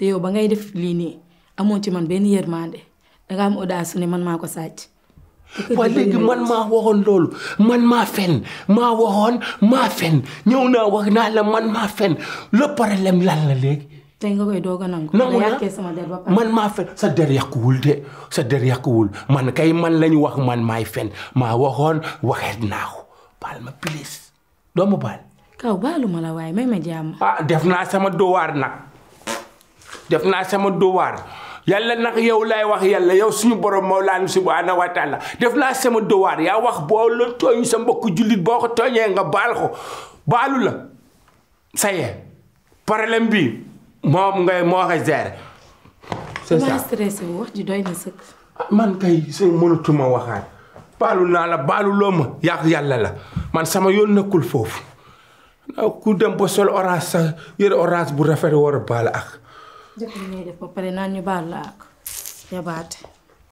te yow ba ngay def lii nii amoo ci man benn yërmande danga am audace ne man maa ko sàcc. waa léegi man maa waxoon loolu man maa fen maa waxoon maa fen ñëw naa wax naa man maa fen le la léegi. tey nga koy doog a nangu. man maa fen sa der yàquwul de sa der yàquwul man kay man lañu wax man maay fen maa waxoon waxeet naa ko baal ma please doo ma baal. kaw baalu ma la waaye may ma jàmm. ah def naa sama dowaar nag. def na sama dowar yalla nak yow lay wax yalla yow suñu borom mawlana subhanahu wa ta'ala def na sama dowar ya wax bo lo togn sa mbokk julit boko toñe nga bal ko balu la est problème bi mom ngay mo nga gérer c'est ça stressé wax di doyna seuk ah, man kay se mënutuma waxat balu na la balu loma yak yalla la man sama yoon nekul fofu ku dem bo sol orange sa yere orange bu rafet bal ak jëkk li def ba pare naan ñu baal la ak yabaate